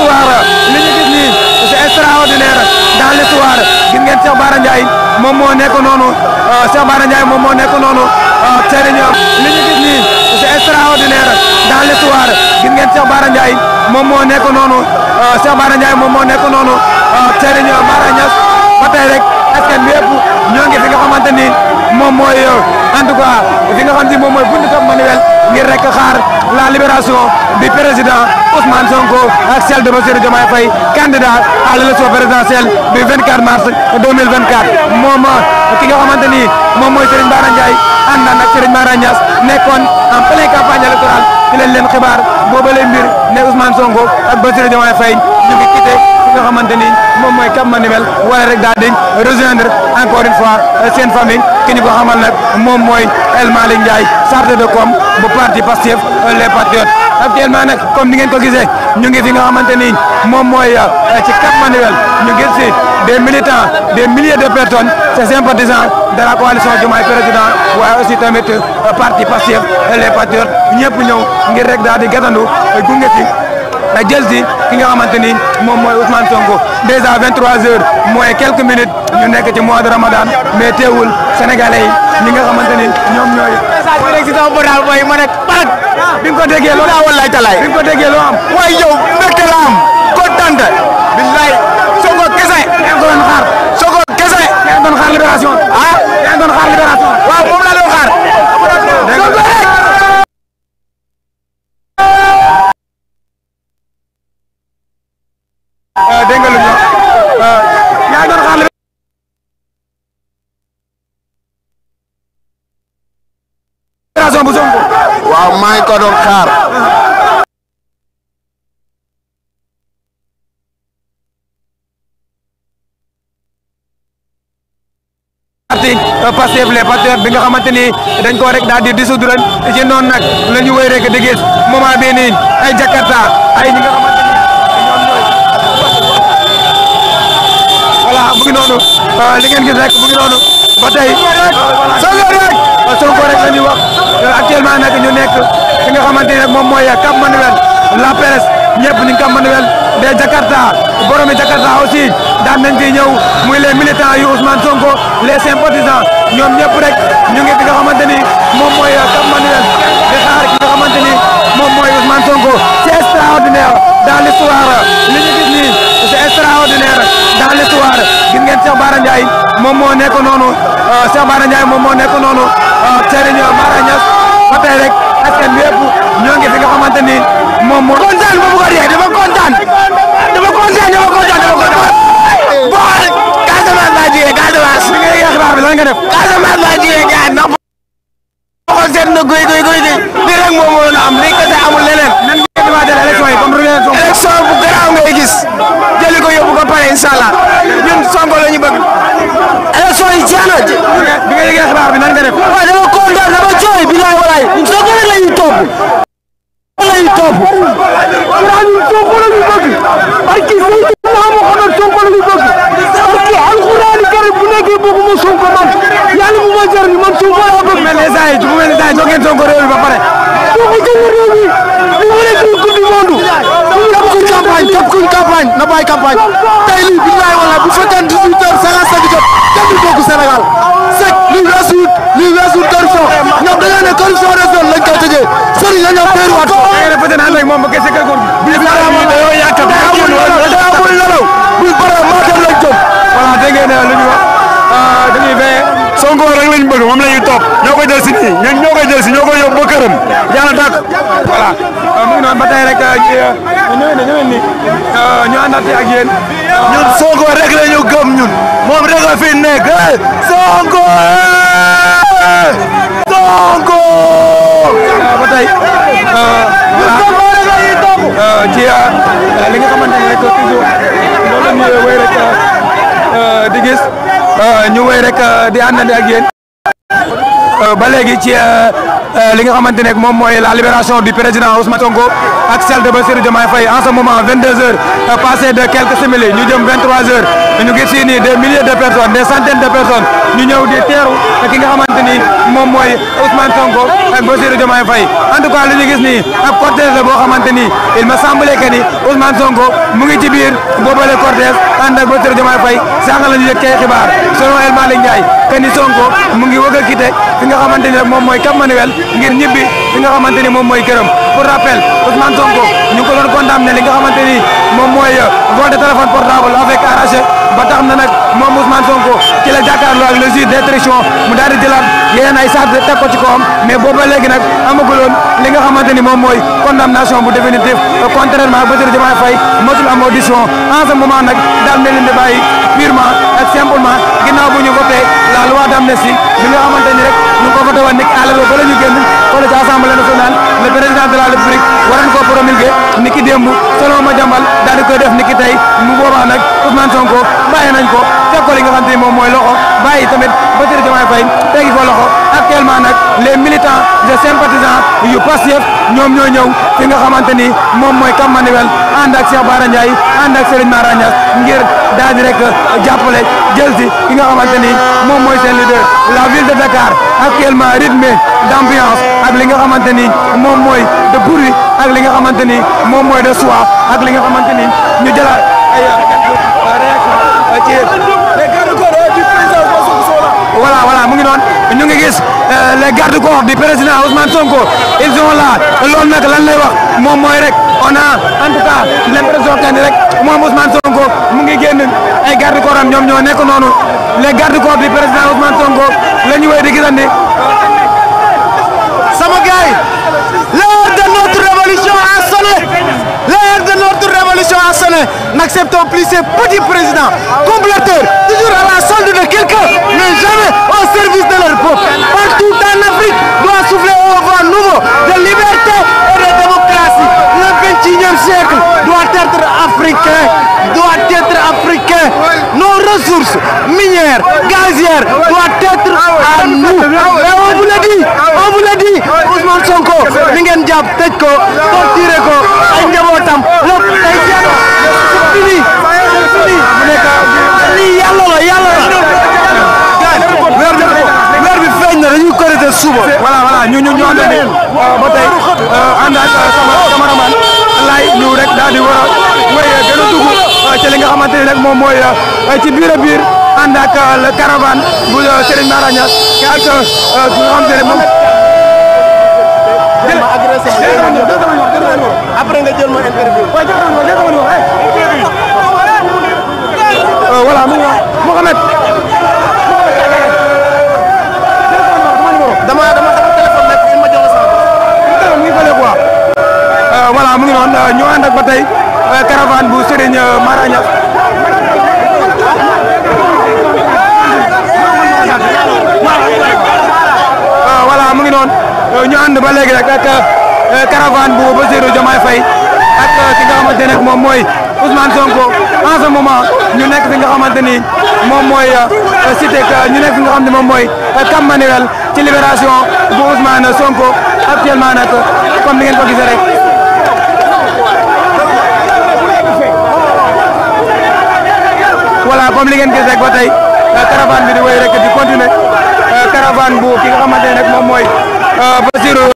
l'histoire li ñu gis nii c'est extraordinaire dans l'histoire gis ngeen Cheikh Bara Ndiaye moom moo nekk noonu euh, Cheikh Bara Ndiaye moom moo nekk noonu Serigne euh, ñoom li ñu gis nii c'est extraordinaire dans l'histoire gis ngeen Cheikh Bara Ndiaye moom moo nekk noonu euh, Cheikh Bara Ndiaye moom moo nekk noonu Serigne Bara Niass ba tey rek askan bi yëpp ñoo ngi fi nga xamante ni moom mooy en tout cas fi nga xam ne moom mooy buntu Cap Manuel ngir la libération du président Ousmane Sonko ak celle de Bassirou Diomaye Faye candidat à l'élection présidentielle du 24 mars 2024 moom ki nga xamante ni moom mooy Serigne Bara Ndiaye àndaan ak Serigne Mara Niass nekkoon en pleine campagne électorale ci lañ leen xibaar boobale mbir ne Ousmane Sonko ak Bassirou Diomaye Faye ñu ngi quitté ki nga xamante ni moom mooy Cap Manuel wala rek daal rejoindre encore une fois euh, seen famille ki ko xamal nag moom mooy El Malick Ndiaye chargé de com bu parti Pastef euh, les patriotes actuellement nag ni ngeen ko gisee ñu ngi fi nga xamante ni moom mooy euh, ci Cap Manuel ñu gis si des militants des milliers de personnes ces sympathisants de la coalition Diomaye Président waaye aussi tamit parti Pastef les patriotes ñëpp ñëw ngir rek daal di gàttandu si. ba jël si ki nga xamante ni moom mooy Ousmane Sonko déjà 23 heures mooy quelques minutes ñu nekk ci mois de Ramadan mais teewul sénégalais yi ñi nga xamante ni ñoom ñooy. message bi rek si sama bodaal mooy ma ne parak bi nga ko déggee loo am wallaay talaay bi nga ko am. waaye yow mbégte la am kontaan te billaay Sonko kese. yaa ngi doon xaar Sonko kese. yaa ngi doon xaar mobilisation bu Sonko. waaw maa ngi ko doon xaar. parti Pastef bi nga xamante ni dañ koo rek daal di dissoudre ci noonu nag la ñu wéy rek di ay Jakarta ay ñi nga xamante ni ñoom ñooy voilà gis rek mu ngi noonu ba parce que Sonko rek la ñuy wax actuellement ñu nekk fi nga xamante ne moom mooy Cap Manuel La Perez ñëpp ñu Cap Manuel mais Jakarta boromi Jakarta aussi daan nañ fi ñëw muy les militants yu Ousmane Sonko les sympathisants ñoom ñëpp rek ñu ngi fi nga xamante ni moom mooy Cap Manuel di xaar ki nga xamante ni moom mooy Ousmane Sonko c'est extraordinaire dans l'histoire li ñu gis nii c'est extraordinaire dans l'histoire gis ngeen Cheikh Bara Ndiaye moom moo nekk noonu. Euh, Cheikh Bara Ndiaye moom moo nekk noonu Serigne euh, Bara Niass ba tey rek askan bi yëpp ñoo ngi fi nga xamante ni moom moo. kontaan ba bëgg a dee dafa kontaan dafa kontaan dafa kontaan dafa kontaan boo xam ne Casamance laa jugee Casamance. li ngay yéex xibaar bi lan nga def. Casamance laa jugee gars ndax boo xool seet na guy guy guy lii rek moom moo la am lii kese amul leneen. nan nga koy defaatee élection yi comme élection bu garaaw ngay gis jëli ko yóbbu ko pare incha allah ñun Sonko la ñu bëgg. ji bi nga yëgee xibaar bi nan nga def waaw dama kontaan dama jooy bilaay walaay soo ko la ñuy topp la ñuy topp ndax ñu Sonko la ñu bëgg barki Seydina Muhammad Sonko la ñu bëgg barki alxuraani karim bu nekkee bëgguma man yàlla bu ma jar ba pare Sonko jël réew mi bu mu nekk coupe du monde cap kuñ campagne cap na bàyyi campagne tey corruption des zones lañ koy tëjee sëriñ la ñoo teeru waat ko da répété na lay moom ba gëssé kër góor bi da yow yaaka da amul nelaw bu bare ma dem lañ jëm voilà dégg ngeen lu ñu wax euh dañuy veillé Sonko rek lañ bëgg moom lañuy topp ñoo koy jël si nii ñun ñoo koy jël si ñoo koy yóbbu ba këram yàlla tàkk voilà mu ngi noonu ba tey rek ñëwee na ñëwee ni ñu àndaatee ak yéen ñun Sonko rek la ñu gëm ñun moom rek a fi nekk Sonko tey voilà ci li nga xamante ne rek toujours loolu la ñuy wéy rek euh, euh, di gis euh, ñu wéy rek di àndandi ak yéen ba léegi ci. Euh, li nga xamante ne moom mooy la libération du président Ousmane Sonko ak celle de Bassirou Diomaye Faye en ce moment 22 heures euh, passé de quelques simili ñu jëm 23 heures ñu ngi ci nii des milliers de de personnes ki nga xamante ni moom mooy Ousmane Sonko ak en tout cas li ñu gis nii ab cortège la boo xamante il me semblait que ni Ousmane mu ngi ci biir boobale cortège ànd ak Bassirou Diomaye Faye sànq ñu yëg kay xibaar mu ngi wëgg a quitté fi ngir ñibbi li nga xamante ni moom mooy këram pour rappel Ousmane Sonko ñu ko doon condamné li nga xamante ni moom mooy vol de téléphone portable avec arraché ba tax na nag moom Ousmane Sonko ci la jàkkaarloo ak le juge d'instruction mu daal di jëlaat yeneen saat teg ko mais booba léegi nag amaguloon li nga xamante ni moom mooy bu définitif contrairement Bassirou Diomaye Faye mosul am audition en ce moment nag daal na leen di bàyyi purement ak simplement ginnaaw bu ñu voté la loi d'amnistie bi nga xamante ni rek ñu ko voté woon nekk à ba la ñu génn fële ni ki démb selon ma jambal daal di koy def ni ki tey mu boobaa nag Ousmane Sonko bàyyi nañ ko teg ko li nga xam te ni moom mooy loxo bàyyi tamit Bassirou Diomaye Faye tegi ko loxo actuellement nag les militants les sympathisants yu Pastef ñoom ñoo ñëw fi nga xamante ni moom mooy Camp Manuel ànd ak Cheikh Bara Ndiaye ànd ak Serigne Mara ngir daal rek jàppale jël si ki nga xamante ni moom mooy seen leader la ville de Dakar actuellement rythmé d'ambiance ak li nga xamante ni moom mooy de bruit ak li nga xamante ni moom mooy de soir ak li nga xamante ni ñu jëlaat ay réaction mu ngi noonu ñu ngi gis euh, les gardes corps du président Ousmane Sonko ils sont là loolu nag lan lay wax moom mooy rek on a en tout cas l'impression que rek moom Ousmane Sonko mu ngi génn. ay garde corps am ñoom ñoo nekk noonu les garde corps du président Ousmane Sonko la ñu wéy di gisandi. sama gars yi l'heure de notre révolution a sonné l'heure de notre révolution a sonné n'acceptons plus ces petits présidents comploteurs toujours à la solde de quelqu'un mais jamais au service de leur peuple partout en Afrique doit souffler un vent nouveau de liberté et de démocratie le 21e siècle doit être africain doit être africain, nos ressources minières, gazières doivent être à nous. Et on vous l'a dit, on vous l'a ngeen jàpp tëj ko torturé ko ay njabootam lépp tey jeex na c'est fini weer bi feeñ na dañuy korité suba. voilà voilà ñu ñu ñu ànd ak euh, ba tey euh, ànd ak sama cameraman lay ñu rek daal di war a wéy gën a ci li nga xamante ni rek moom mooy euh, ci biir a biir ànd ak euh, le caravane bu euh, Serigne Mara Niass ak ki nga xamante ne moom. après nga jël ma interview. voilà mu ngi wax Mouhamed. dama ak ba Euh, caravane bu Serigne euh, Mara Niass euh, mu ngi noonu ñu ànd ba léegi rek ak caravane bu Bassirou Diomaye Faye ak ki nga xamante moom mooy Ousmane Sonko en ce ñu nekk fi nga xamante ni moom mooy cité ñu nekk fi nga xam ne moom mooy Cap Manuel ci libération bu Ousmane Sonko actuellement nag ni ngeen ko gisee rek. voilà comme li ngeen gisee ba tey caravane bi di wéy rek di continuer euh, caravane bu ki nga xamante ne moom mooy euh, Bassirou